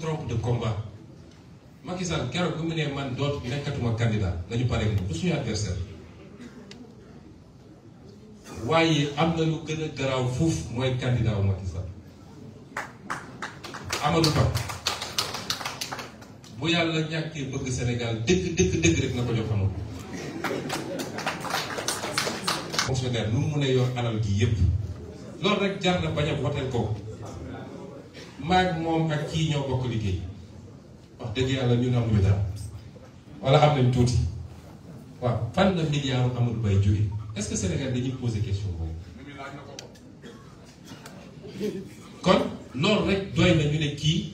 trompe de combat Macky Sall keroog bi mu nee man doot nekkatuma candidat lañu pare moom du suñu adversaire waaye am na lu gën a garaaw fuuf mooy candidat wu Macky Sall Amadou Ba bu yàlla ñàkkee bëgg Sénégal dëkk dëkk dëkk rek na ko fonctionnaire nu mu mun yor anal gi yépp loolu rek jar na bañ ko maak moom ak kii ñoo bokk liggéey wax dëgg yàlla ñu am ñu dara wala am nañ tuuti waaw fan la milliard amul bay jóge est-ce que Sénégal dañuy poser question boobu. kon loolu rek doy na ñu ne kii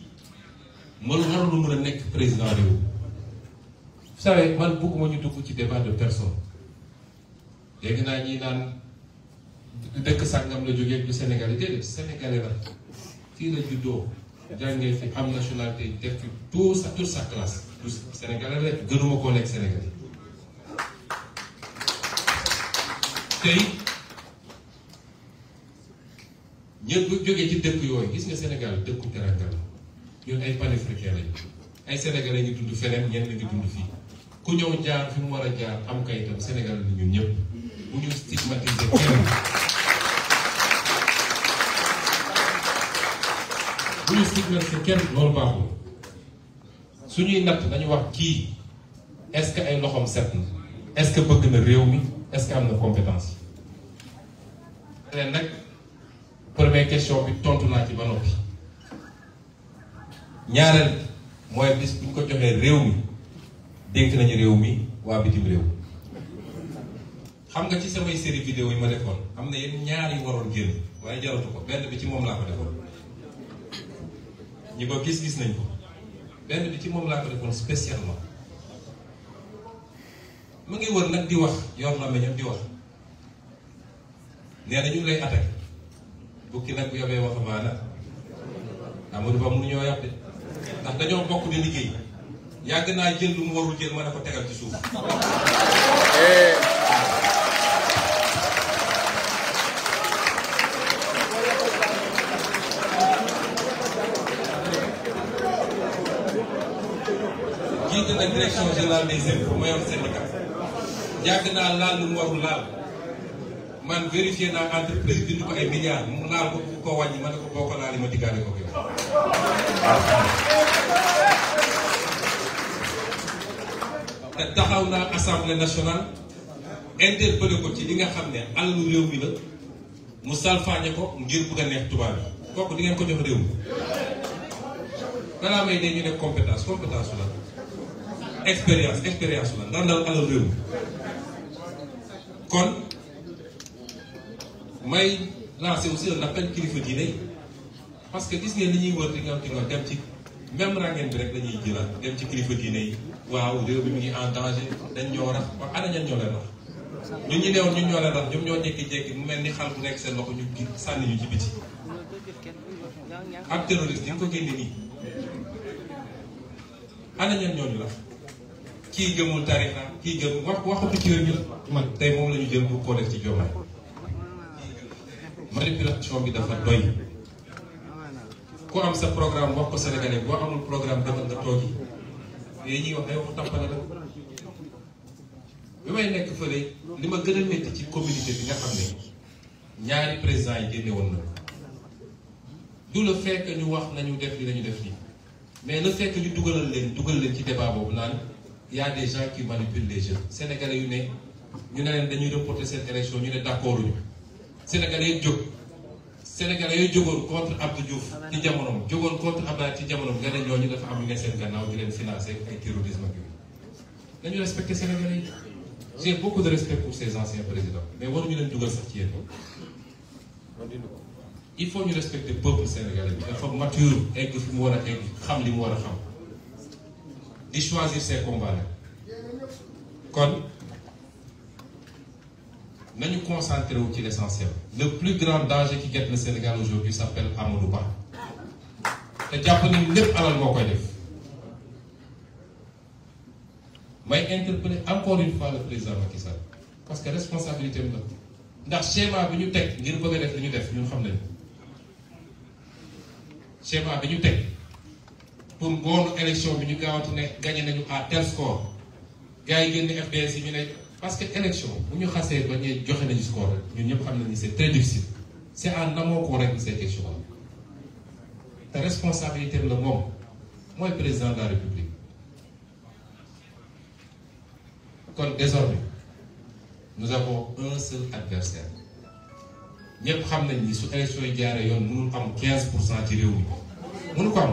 man war lu mën a nekk président réew mi vous savez man bëgguma ñu dugg ci débat de personne dégg naa ñi naan dëkk sàngam la jógee du Sénégalais déedéet Sénégalais la. fii la juddoo jàngee fi am nationalité def fi tout sa toute sa classe tout Sénégalais rek gënuma koo nekk Sénégalais tey ñëpp bu jógee ci dëkk yooyu gis nga Sénégal dëkku teranga la ñun ay panafricains lañu ay sénégalais ñu dund feneen ñenn ñu dund fii ku ñëw jaar fi mu war a jaar am kayitam Sénégal la ñun ñëpp bu ñu stigmatiser kenn. bu ñu signal si kenn loolu baaxul suñuy natt dañu wax kii est-ce que ay loxoom set na est-ce que bëgg na réew mi est-ce am na compétence leen nag première question bi tontu naa ci ba noppi ñaareel mooy bis bu ñu ko joxee réew mi dénk nañu réew mi waa bitim réew xam nga ci samay série vidéo yi ma defoon am na yenn ñaari yu waroon génn waaye jaratu ko benn bi ci moom laa ko defoon ñi ko gis gis nañ ko benn bi ci moom laa ko defoon spécialement mu ngi wër nag di wax yor na meñam di wax nee na ñu ngi lay attaqué bukki nag bu yobee waxambaane Amadou Ba mënu ñoo yàpp de ndax dañoo bokk di liggéey yàgg naa jël lu mu warul jël mën ko tegal ci suuf eh. jiite nag direction générale des impôts ma yor syndicat yàgg naa laal lu mu warul laal man vérifié naa entreprise bi ñu ko ay milliards mu laal ko ku ko wàññi ma ne ko boo ko laalee ma diggaale ko yow. te taxaw naa assemblée nationale interpellé ko ci li nga xam ne alalu réew mi la mu salfaañe ko ngir bëgg a neex tubaab yi kooku di ngeen ko jox réew mi. danaa may ne ñu ne compétence compétence la. expérience expérience la ndax daal alal réew kon may lancer aussi un appel kilifa diine yi parce que gis ngeen li ñuy wër di nga rek lañuy jëlaat dem ci kilifa diine yi waaw réew bi mu ngi en danger dañ ñoo rax ba ñoo leen rax ñun ñu neewoon ñoo leen rax ñoom ñoo jékki-jékki mu mel ni xal bu nekk seen loxo ñu sànni ñu ci biti ak terroriste ñu ngi ko génne nii ana ñan ñooñu la kii gëmul tarixa kii gëm wax waxatu ci yooyu ñu man tey moom la ñu jël pour koo def ci Diomaye manipulation bi dafa doy ku am sa programme wax ko sénégalais boo amul programme demal nga toog yi ñuy wax ay waxu tampale la bi may nekk fële li ma gën a métti ci communauté bi nga xam ne ñaari président yi génne woon na du le fekk ñu wax nañu def li nañu def nii mais le fait que dugalal leen dugal leen ci débat boobu naan y a des gens qui manipulent les jeunes sénégalais nous reporter cette élection Nous sommes d'accord sénégalais sénégalais contre Abdou Diouf ci contre Abdou ci ñooñu dafa am terrorisme sénégalais j'ai beaucoup de respect pour ces anciens présidents mais sax il faut nous respecter peuple sénégalais Il faut mature choisir ces combats-là kon nañu ce wu est l'essentiel le plus grand danger qui guette le Sénégal aujourd'hui s'appelle Amadou Ba te jàpp nous lépp alal moo koy def Mais interpeller encore une fois le président Macky Sall parce que responsabilité là. la le schéma nous avons fait, ngir bëgg a def li ñu nous avons xam nañu schéma pour ngoonu élection bi ñu gaawantu ne gagné nañu à tel score gars yi génn FDS yi ñu ne parce que élection bu ñu xasee ba ñuy joxe nañu score rek ñun ñëpp xam nañu c'est très difficile c'est en amont qu'on règle ces questions te responsabilité la moom mooy président de la république kon xam nañ ni su élection yi jaaree yoon mënul am 15 pour cent ci réew mi mënu ko am.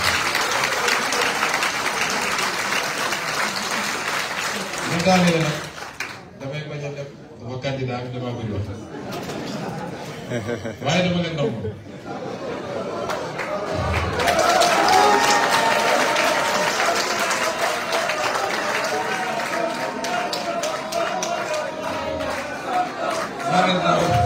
waxtaanee nag damay Thank you.